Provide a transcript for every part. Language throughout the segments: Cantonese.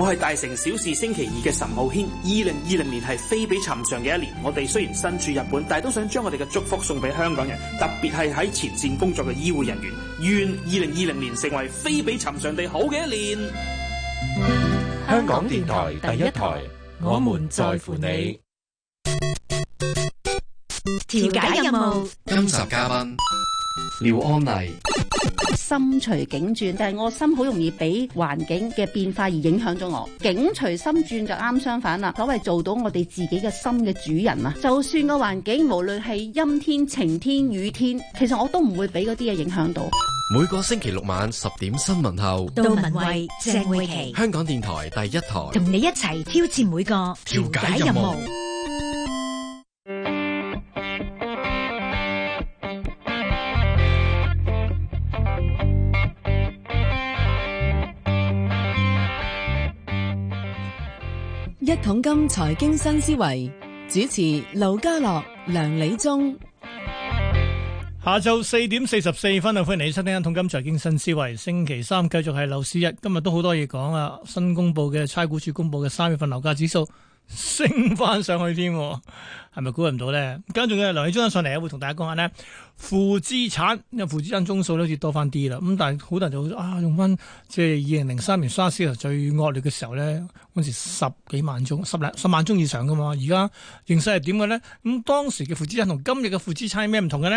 我係大城小事星期二嘅岑浩軒，二零二零年係非比尋常嘅一年。我哋雖然身處日本，但係都想將我哋嘅祝福送俾香港人，特別係喺前綫工作嘅醫護人員。願二零二零年成為非比尋常地好嘅一年。嗯。香港電台第一台，我們在乎你。調解任務，今集嘉賓廖安麗。心隨境轉，但係我心好容易俾環境嘅變化而影響咗我。境隨心轉就啱相反啦。所謂做到我哋自己嘅心嘅主人啊，就算個環境無論係陰天、晴天、雨天，其實我都唔會俾嗰啲嘢影響到。每個星期六晚十點新聞後，杜文慧、鄭慧琪，香港電台第一台，同你一齊挑戰每個調解任務。統金財經新思維，主持劉家樂、梁理中，下晝四點四十四分啊，歡迎你收聽統金財經新思維。星期三繼續係樓市日，今日都好多嘢講啊！新公佈嘅差估處公布嘅三月份樓價指數。升翻上去添，係咪估唔到咧？咁跟住咧，梁理中上嚟啊，會同大家講下呢：負資產，因為負資產宗數好似多翻啲啦。咁但係好多人就啊用翻即係二零零三年沙士啊最惡劣嘅時候咧，嗰時十幾萬宗、十零十萬宗以上噶嘛。而家形勢係點嘅咧？咁當時嘅負資產同今日嘅負資產有咩唔同嘅咧？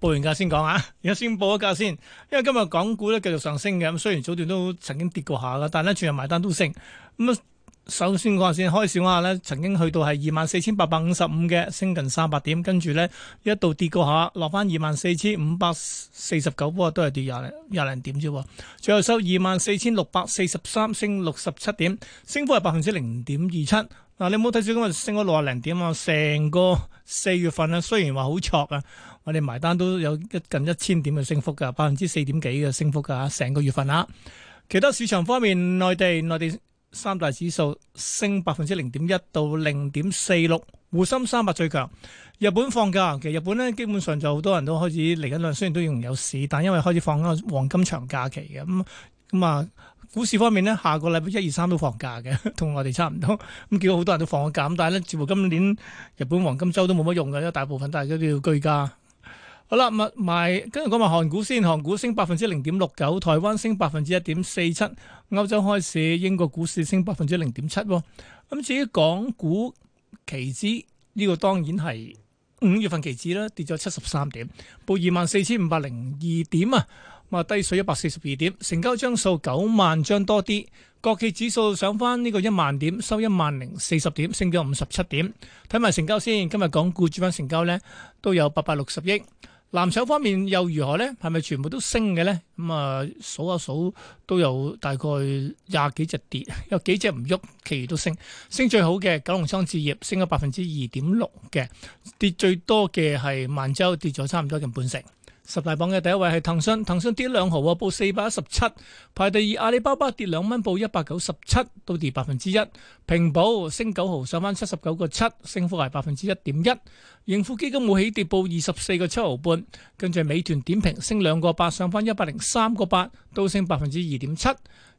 報完價先講啊，而家先報一價先，因為今日港股咧繼續上升嘅。咁雖然早段都曾經跌過下噶，但係咧全日埋單都升咁啊。嗯首先下先開始下咧，曾經去到係二萬四千八百五十五嘅，升近三百點，跟住咧一度跌過下，落翻二萬四千五百四十九，都係跌廿零廿零點啫。最後收二萬四千六百四十三，升六十七點，升幅係百分之零點二七。嗱、啊，你冇睇少今日升咗六啊零點啊，成個四月份咧，雖然話好挫啊，我哋埋單都有一近一千點嘅升幅噶，百分之四點幾嘅升幅噶，成個月份啊。其他市場方面，內地內地。三大指數升百分之零點一到零點四六，滬深三百最強。日本放假，其實日本咧基本上就好多人都開始嚟緊啦。雖然都仍然有市，但因為開始放嗰黃金長假期嘅咁咁啊。股市方面咧，下個禮拜一二三都放假嘅，同 我哋差唔多。咁見到好多人都放個假，咁但係咧，似乎今年日本黃金周都冇乜用嘅，因為大部分大家都要居家。好啦，物埋今日講埋韓股先，韓股升百分之零點六九，台灣升百分之一點四七，歐洲開市。英國股市升百分之零點七。咁至於港股期指呢個當然係五月份期指啦，跌咗七十三點，報二萬四千五百零二點啊，咁啊低水一百四十二點，成交張數九萬張多啲，國企指數上翻呢個一萬點，收一萬零四十點，升咗五十七點。睇埋成交先，今日港股主板成交呢都有八百六十億。藍籌方面又如何咧？係咪全部都升嘅呢？咁啊數一數都有大概廿幾隻跌，有幾隻唔喐，其餘都升。升最好嘅九龍倉置業升咗百分之二點六嘅，跌最多嘅係萬洲，跌咗差唔多近半成。十大榜嘅第一位係騰訊，騰訊跌兩毫啊，報四百一十七。排第二阿里巴巴跌兩蚊，報一百九十七，都跌百分之一。平保升九毫，上返七十九個七，升幅係百分之一點一。盈富基金冇起跌，報二十四個七毫半。跟住美團點評升兩個八，上返一百零三個八，都升百分之二點七。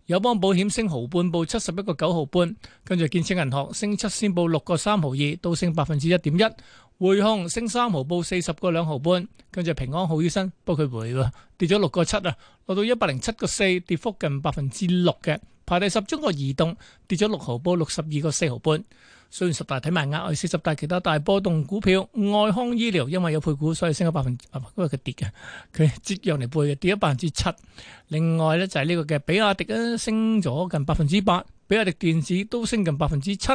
友邦保險升毫半，報七十一個九毫半。跟住建設銀行升七仙，報六個三毫二，都升百分之一點一。匯控升三毫，報四十個兩毫半，跟住平安好醫生幫佢回喎，跌咗六個七啊，落到一百零七個四，跌幅近百分之六嘅。排第十，中國移動跌咗六毫波，六十二個四毫半。雖然十大睇埋額外，四十大其他大波動股票，外康醫療因為有配股，所以升咗百分之，因為佢跌嘅，佢折讓嚟配嘅，跌咗百分之七。另外咧就係呢、這個嘅，比亞迪啊升咗近百分之八，比亞迪電子都升近百分之七。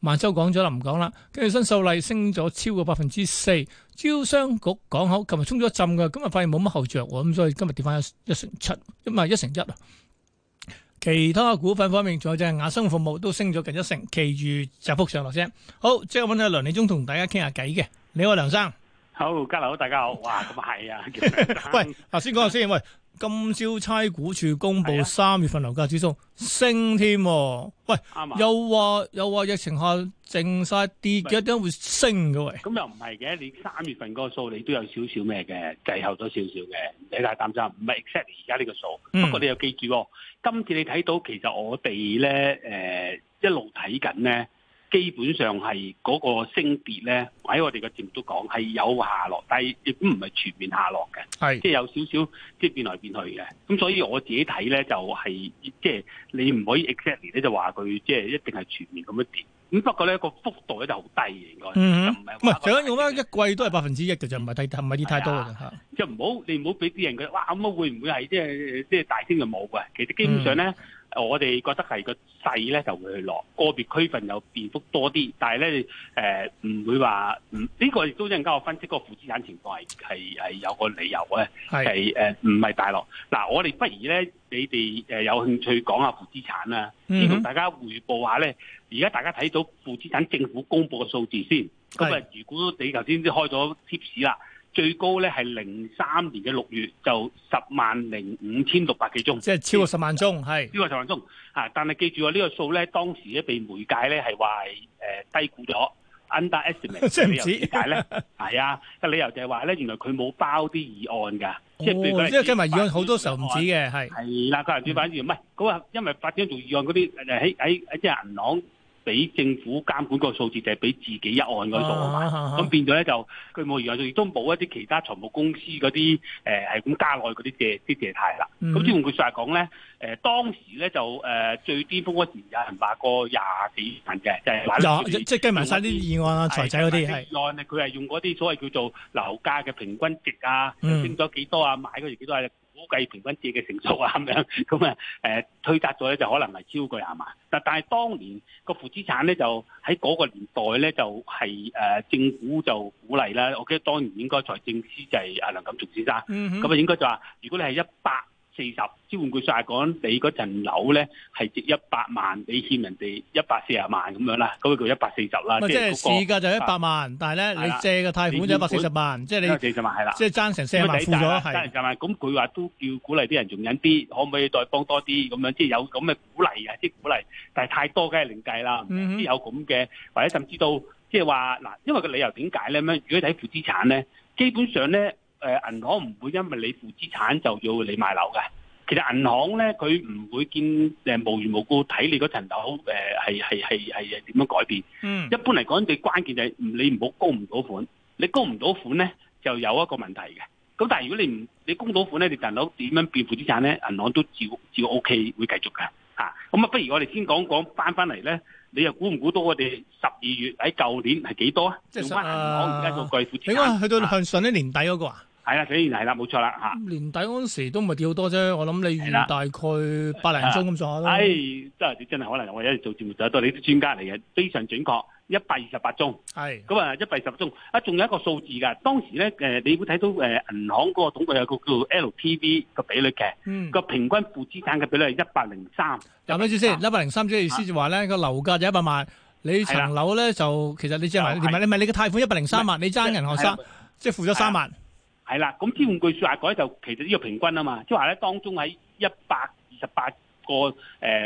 萬洲講咗啦，唔講啦。跟住新秀麗升咗超過百分之四，招商局港口，琴日衝咗浸嘅，今日發現冇乜後著，咁所以今日跌翻一,一成七，咁啊一成一啊。其他股份方面，仲有就係亞生服務都升咗近一成，其餘就幅上落啫。好，即係我揾咗梁理中同大家傾下偈嘅，你好梁生，好家樓好大家好，哇咁啊係啊，喂，頭先講下先，喂。今朝差估處公布三月份樓價指數升添，喂，吧又話又話疫情下淨晒跌，點解會升嘅喂？咁又唔係嘅，你三月份個數你都有少少咩嘅，滯後咗少少嘅，你大擔心，唔係 expect 而家呢個數。嗯、不過你有記住，今次你睇到其實我哋咧，誒、呃，一路睇緊咧。基本上係嗰個升跌咧，喺我哋嘅節目都講係有下落，但係亦都唔係全面下落嘅，係是即係有少少即係變來變去嘅。咁所以我自己睇咧就係、是、即係你唔可以 exactly 咧就話佢即係一定係全面咁樣跌。咁不過咧、個幅度咧就好低嘅、嗯、應該就，唔係唔係最緊要一季都係百分之一嘅，就唔係低，唔係啲太多嘅嚇、啊。即係唔好你唔好俾啲人佢哇咁啊會唔會係即係即係大升就冇嘅？其實基本上咧。嗯我哋覺得係個勢咧就會去落，個別區份有變幅多啲，但係咧誒唔會話唔呢個亦都陣間我分析個負資產情況係係係有個理由咧，係誒唔係大落。嗱，我哋不如咧，你哋誒有興趣講下負資產啦，先同、mm hmm. 大家彙報下咧。而家大家睇到負資產政府公佈嘅數字先，咁啊，是如果你頭先先開咗貼士啦。最高咧係零三年嘅六月就十萬零五千六百幾宗，即係超過十萬宗，係超過十萬宗。嚇、啊，但係記住啊，呢、這個數咧當時咧被媒介咧係話係低估咗，underestimate。 即係唔止，點解咧？係啊，個理由就係話咧，原來佢冇包啲議案㗎，哦、即係即係即埋議案好多時候唔止嘅，係係啦，個行政長官唔係嗰個，因為發展做議案嗰啲喺喺即係銀行。俾政府監管個數字就係、是、俾自己一按嗰度啊嘛，咁、oh, uh, uh, 變咗咧就佢冇而家亦都冇一啲其他財務公司嗰啲誒係咁加內嗰啲借啲借貸啦。咁即係換句説話講咧，誒當時咧就誒、呃、最巔峰嗰時有人話過廿幾萬嘅，即係攔住即係計埋晒啲二按啊財仔嗰啲係二按佢係用嗰啲所謂叫做樓價嘅平均值啊，升咗幾多啊買嗰時幾多啊？估計平均借嘅成數啊，咁樣咁啊，誒、呃、推測咗咧就可能係超過廿萬。嗱，但係當年個負資產咧就喺嗰個年代咧就係、是、誒、呃、政府就鼓勵啦。我記得當年應該財政司就係阿梁錦松先生，咁啊、嗯、哼應該就話如果你係一百四十，即係換句話說話講，你嗰層樓咧係值一百萬，你欠人哋一百四十萬咁樣啦，咁個叫一百四十啦。即係市價就一百萬，100，但係咧了你借嘅貸款就一百四十萬，即係你四十萬係啦，即係爭成四廿萬負咗，係爭成四廿萬。咁佢話都叫鼓勵啲人容忍啲，可唔可以再幫多啲咁樣？即係有咁嘅鼓勵啊，即係鼓勵，但係太多梗係另計啦。嗯哼有咁嘅，或者甚至到即係話嗱，因為個理由點解咧？咁樣如果睇負資產咧，基本上咧。誒，銀行唔會因為你負資產就要你賣樓嘅。其實銀行咧，佢唔會見誒無緣無故睇你嗰層樓誒係係係係點樣改變。嗯，一般嚟講最關鍵就係你唔好供唔到款。你供唔到款咧，就有一個問題嘅。咁但係如果你唔你供到款咧，你層樓點樣變負資產咧，銀行都照照 OK 會繼續嘅。吓，咁啊，不如我哋先講講翻翻嚟咧，你又估唔估到我哋十二月喺舊年係幾多啊？即係用翻銀行而家做貴負資產。你講去到向上一年底嗰個啊？係啦，所以係啦，冇錯啦吓。年底嗰時都唔係跌好多啫，我諗你預大概百零宗咁上下啦。哎，真係你真係可能我而家做節目就得多，你啲專家嚟嘅，非常準確，一百二十八宗。係，咁啊，一百二十宗。啊，仲有一個數字噶，當時咧誒，你會睇到誒，銀行嗰個統計有個叫做 LTV 個比率嘅，個平均負資產嘅比率係一百零三。有咩意思？一百零三即係意思就話咧，個樓價就一百萬，你層樓咧就其實你借埋，唔係你咪你嘅貸款一百零三萬，你爭銀行三，即係負咗三萬。係啦，咁換句説話講就其實呢個平均啊嘛，即係話咧，當中喺一百二十八個誒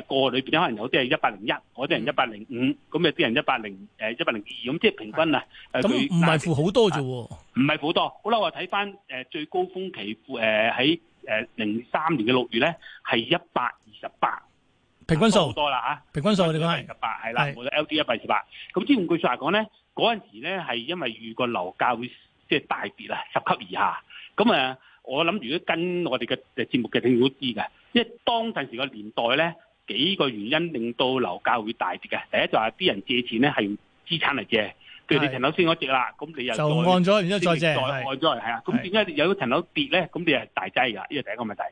個裏邊可能有啲係一百零一，有啲人一百零五，咁有啲人一百零誒一百零二，咁即係平均啊。咁唔係負好多啫喎，唔係負好多。好啦，我睇翻誒最高峰期負誒喺誒零三年嘅六月咧，係一百二十八平均數好多啦嚇，平均數我哋講一百二十八係啦，我嘅 L d 一百二十八。咁換句説話講咧，嗰陣時咧係因為預個樓價會。即係大跌啊，十級以下。咁啊，我諗如果跟我哋嘅誒節目嘅聽者都知嘅，因為當陣時個年代咧幾個原因令到樓價會大跌嘅。第一就係、是、啲人借錢咧用資產嚟借，是譬如你層樓升咗值啦，咁你又就按咗，然之後再借，再按咗係啊。咁點解有層樓跌咧？咁你係大劑㗎，呢個第一個問題。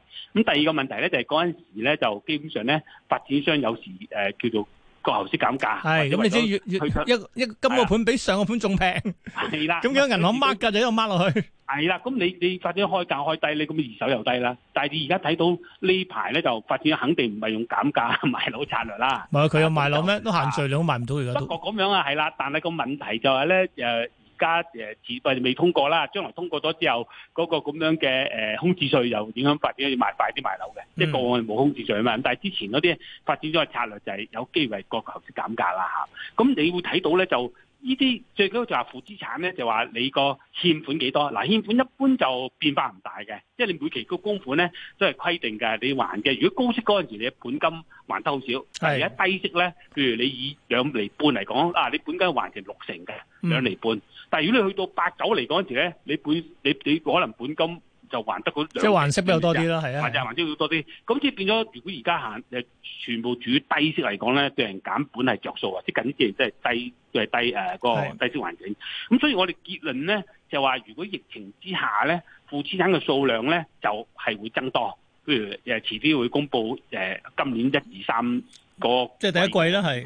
咁第二個問題咧就係嗰陣時咧就基本上咧發展商有時誒、呃、叫做。過後先減價，係咁、哎、你知越越一一今個盤比上個盤仲平，係啦的。咁樣銀行掹價的就一路掹落去，係啦。咁你你發展開價開低，你咁樣二手又低啦。但係你而家睇到呢排咧，就發展肯定唔係用減價賣樓策略啦。唔係佢有賣樓咩？都限聚令都賣唔到而家都。不過咁樣啊，係啦。但係個問題就係咧誒。呃而家誒置費未通過啦，將來通過咗之後，嗰個咁樣嘅誒空置稅又會影響發展要賣快啲賣樓嘅，即個案冇空置稅啊嘛。但係之前嗰啲發展咗嘅策略就係有機會個頭先減價啦嚇，咁你會睇到咧就。呢啲最高就話負資產咧，就話你個欠款幾多？嗱，欠款一般就變化唔大嘅，即係你每期個供款咧都係規定嘅，你還嘅。如果高息嗰陣時，你本金還得好少；但係而家低息咧，譬如你以兩厘半嚟講，啊，你本金還成六成嘅兩厘半。嗯、但如果你去到八九厘嗰陣時咧，你本你你可能本金。就還得嗰兩即係還息比較多啲啦，係啊，還債還息會多啲。咁即係變咗，如果而家行誒全部處於低息嚟講咧，對人減本係着數啊！即係緊接即係低即誒、就是、低誒、呃那個低息環境。咁的所以我哋結論咧就話，如果疫情之下咧，負資產嘅數量咧就係、是、會增多。譬如誒遲啲會公佈誒、呃、今年一二三個即係第一季啦，係。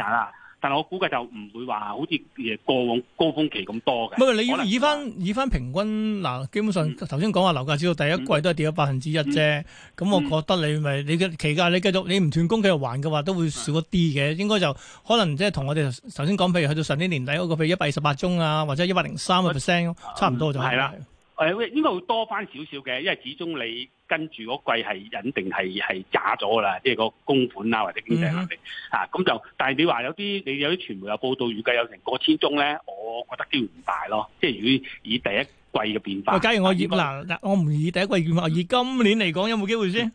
但係我估計就唔會話好似誒過往高峰期咁多嘅。不過你要以翻以翻平均嗱，基本上頭先講話樓價指數第一季都係跌咗百分之一啫。咁我覺得你咪你嘅期價你繼續你唔斷供繼續還嘅話，都會少一啲嘅。是的 應該就可能即係同我哋頭先講，譬如去到上年年底嗰個譬如一百二十八宗啊，或者一百零三個 percent 差唔多就係啦。誒會應該會多翻少少嘅，因為始終你。跟住嗰季係隱定係係炸咗噶啦，即係、這個供款啊或者經濟能力。嚇、嗯，咁就、啊、但係你話有啲你有啲傳媒有報道預計有成個千宗咧，我覺得機會唔大咯。即係如果以第一季嘅變化，假如我以嗱嗱，哪我唔以第一季變化，嗯、以今年嚟講有冇機會先？嗯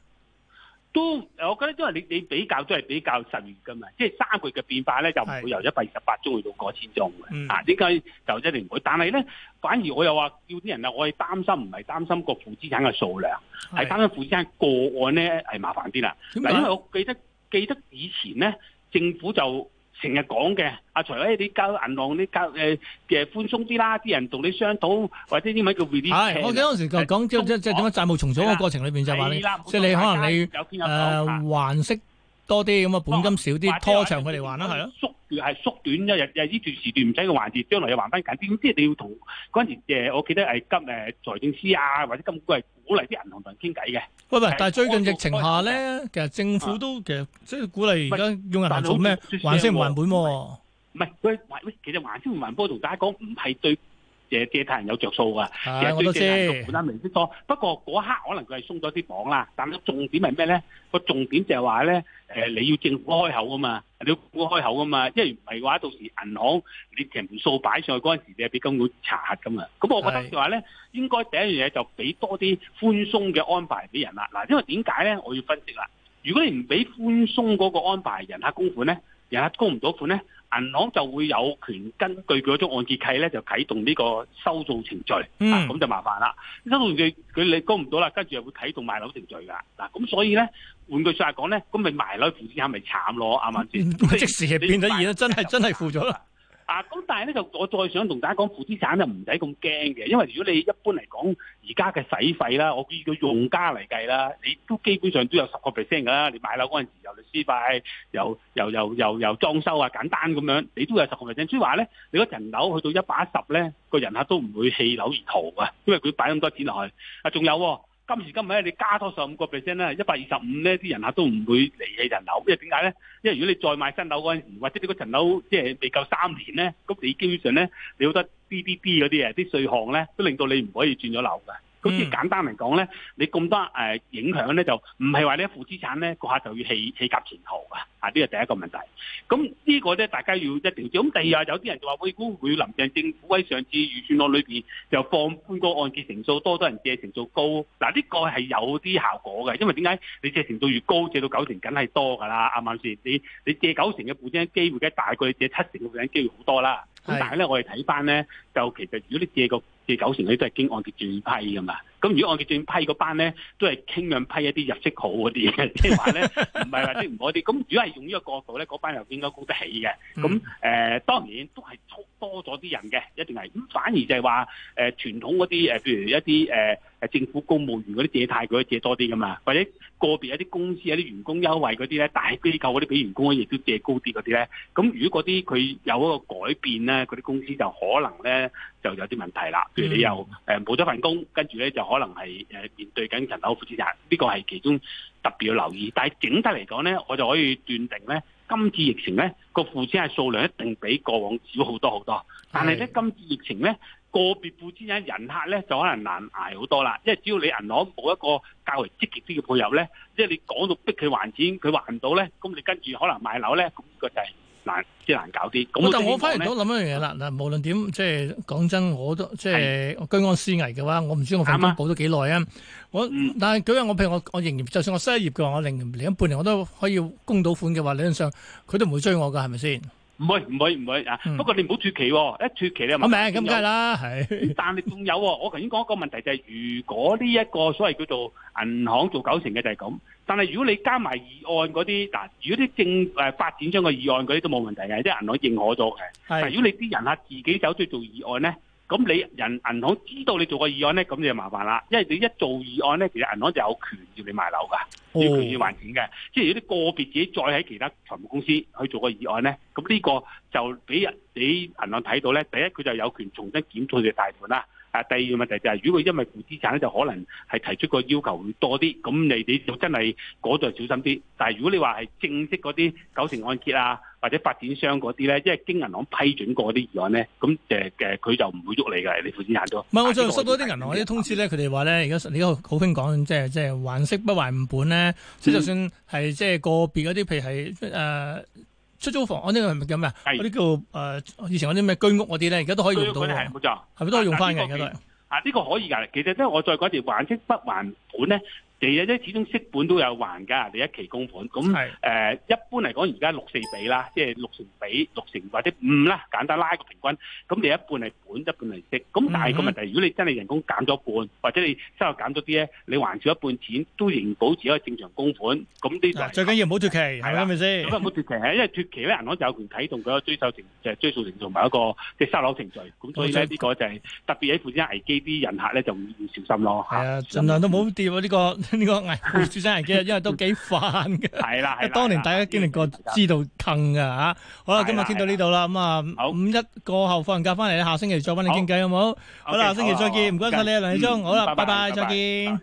都，我覺得都係你你比較都係比較實驗㗎嘛，即係三個月嘅變化咧，是就唔會由一百二十八宗去到過千宗嘅，嗯、啊，點解就一定唔會？但係咧，反而我又話叫啲人啊，我係擔心唔係擔心個負資產嘅數量，係擔是心負資產個案咧係麻煩啲啦。嗱，因為我記得記得以前咧，政府就。成日講嘅，阿、啊、財委你交銀行啲交誒嘅寬鬆啲啦，啲人同你商討或者啲乜叫 reduction。係，我記得當時講即即即係點解債務重組嘅過程裏邊的就話你，即係你可能你誒還息。多啲咁啊，本金少啲，拖長佢嚟還啦，係咯，縮住係縮短一日日呢段時段，唔使嘅還住，將來又還翻緊。點知你要同嗰陣時誒，我記得係金誒財政司啊，或者金管局係鼓勵啲銀行同人傾偈嘅。喂喂，但係最近疫情下咧，其實政府都其實即係鼓勵而家用銀行做咩還息唔還本？唔係喂喂，其實還息唔還本我同大家講，唔係對。借借貸人有着數噶，其實追借貸人存款明顯多。不過嗰刻可能佢係鬆咗啲綁啦。但係重點係咩咧？個重點就係話咧，誒、呃、你要政府開口啊嘛，你要政府開口啊嘛。因為唔係嘅話，到時銀行你條數擺上去嗰陣時，你係俾金管查核噶嘛。咁我覺得嘅話咧，的應該第一樣嘢就俾多啲寬鬆嘅安排俾人啦。嗱，因為點解咧？我要分析啦。如果你唔俾寬鬆嗰個安排人，人客供款咧，人客供唔到款咧。銀行就會有權根據嗰種按揭契咧，就啟動呢個收數程序。嗯、啊，咁就麻煩啦。收數程序佢你供唔到啦，跟住會啟動賣樓程序噶。嗱、啊，咁所以咧，換句話說話講咧，咁咪賣樓付錢是是慘，係咪慘咯？啱唔啱先？即時變現，就變咗而家真係真係負咗啦。嗯啊，咁但係咧，就我再想同大家講，負資產就唔使咁驚嘅，因為如果你一般嚟講，而家嘅使費啦，我建議用家嚟計啦，你都基本上都有十個 percent 噶啦，你買樓嗰陣時，由律師費，又又又又又裝修啊，簡單咁樣，你都有十個 percent。所以話咧，你層樓去到一百一十咧，個人客都唔會棄樓而逃啊，因為佢擺咁多錢落去啊，仲有，哦。今時今日咧，你加多十五個 percent 咧，一百二十五咧，啲人客都唔會嚟嘅人流，因為點解咧？因為如果你再買新樓嗰陣，或者你嗰層樓即係未夠三年咧，咁你基本上咧，你好多 B B B 嗰啲嘢，啲稅項咧，都令到你唔可以轉咗樓㗎。好似、嗯、簡單嚟講咧，你咁多誒影響咧，就唔係話你一負資產咧，個客就要起氣急前頭㗎，啊！呢個第一個問題。咁呢個咧，大家要一調整。咁第二啊，有啲人就話喂，估會，會林鄭政府喺上次預算案裏邊就放寬個按揭成數多，多人借成數高。嗱，呢個係有啲效果嘅，因為點解你借成數越高，借到九成梗係多㗎啦，啱唔啱先？你你借九成嘅戶主，機會梗係大過你借七成嘅戶主，機會好多啦。但係咧，是我哋睇翻咧，就其實如果你借個借九成，你都係經按揭轉批㗎嘛。咁如果按佢專批嗰班咧，都係傾向批一啲入息好嗰啲嘅，即係話咧唔係話即唔好啲。咁如果係用呢個角度咧，嗰班又應該高得起嘅。咁誒當然都係多咗啲人嘅，一定係。咁反而就係話誒傳統嗰啲誒，譬如一啲誒誒政府公務員嗰啲借貸嗰啲借多啲噶嘛，或者個別一啲公司一啲員工優惠嗰啲咧，大機構嗰啲俾員工亦都借高啲嗰啲咧。咁如果嗰啲佢有個改變咧，嗰啲公司就可能咧就有啲問題啦。譬如你又誒冇咗份工，跟住咧就可能係誒面對緊層樓負資產，呢個係其中特別要留意。但係整體嚟講咧，我就可以斷定咧，今次疫情咧個負資產數量一定比過往少好多好多。但係咧，今次疫情咧個別負資產人客咧就可能難捱好多啦。因為只要你銀行冇一個較為積極啲嘅配合咧，即係你講到逼佢還錢，佢還唔到咧，咁你跟住可能賣樓咧，咁個就係、是。難即係難搞啲咁，我但我反而都諗一樣嘢啦嗱，無論點，即係講真，我都即係的居安思危嘅話，我唔知我份工保咗幾耐啊。的我但係舉個我譬如我我仍然就算我失業嘅話，我零零半年我都可以供到款嘅話，理論上佢都唔會追我噶，係咪先？唔會唔會唔會啊！嗯、不過你唔好脫期喎，一脫期你唔明咁梗係啦。嗯、但係仲有喎、哦，我頭先講一個問題就係、是，如果呢一個所謂叫做銀行做九成嘅就係咁，但係如果你加埋議案嗰啲嗱，如果啲政誒發展商嘅議案嗰啲都冇問題嘅，啲係銀行認可咗嘅。係的如果你啲人客自己走出去做議案咧。咁你人銀行知道你做個議案咧，咁你就麻煩啦。因為你一做議案咧，其實銀行就有權要你賣樓噶，要權要還錢嘅。即係有啲個別自己再喺其他財務公司去做個議案咧，咁呢個就俾人俾銀行睇到咧。第一，佢就有權重新檢討條貸款啦。啊！第二個問題就係、是，如果因為負資產咧，就可能係提出個要求會多啲。咁你哋就真係嗰度小心啲。但係如果你話係正式嗰啲九成按揭啊，或者發展商嗰啲咧，即係經銀行批准過啲議案咧，咁誒誒，佢、呃、就唔會喐你嘅。你負資產咗。唔係，我最近收到啲銀行嗰啲通知咧，佢哋話咧，而家你而家好興講，即係即係還息不還本咧。即就算係即係個別嗰啲，譬如係誒。呃出租房呢、哦這個係咪叫咩？嗰啲叫誒以前嗰啲咩居屋嗰啲咧，而家都可以用到冇錯，係咪錯都可以用翻嘅？而家都係啊，呢、這個啊這個可以噶。其實即係我再講條還息不還本咧。第一其實咧始終息本都有還㗎，第一期供款咁誒，一般嚟講而家六四比啦，即係六成比六成或者五啦，簡單拉個平均，咁你一半係本，一半係息。咁但係個問題，如果你真係人工減咗半，或者你收入減咗啲咧，你還少一半錢都仍保持一個正常供款。咁呢個最緊要唔好脱期，係咪先？咁唔好脱期，因為脱期咧，銀行就有權啟動佢追收程就係追收程同埋一個即係收樓程序。咁所以咧，呢個就係特別喺負資危機啲人客咧，就要小心咯。係啊，儘量都唔好跌啊！呢個呢個危樹生危機啊，因為都幾煩嘅。係啦，係啦。當年大家經歷過，知道坑嘅嚇。好啦，今日傾到呢度啦。咁啊，五一過後放假翻嚟，下星期再揾你傾偈好冇？好啦，下星期再見。唔該晒你啊，梁理中。好啦，拜拜，再見。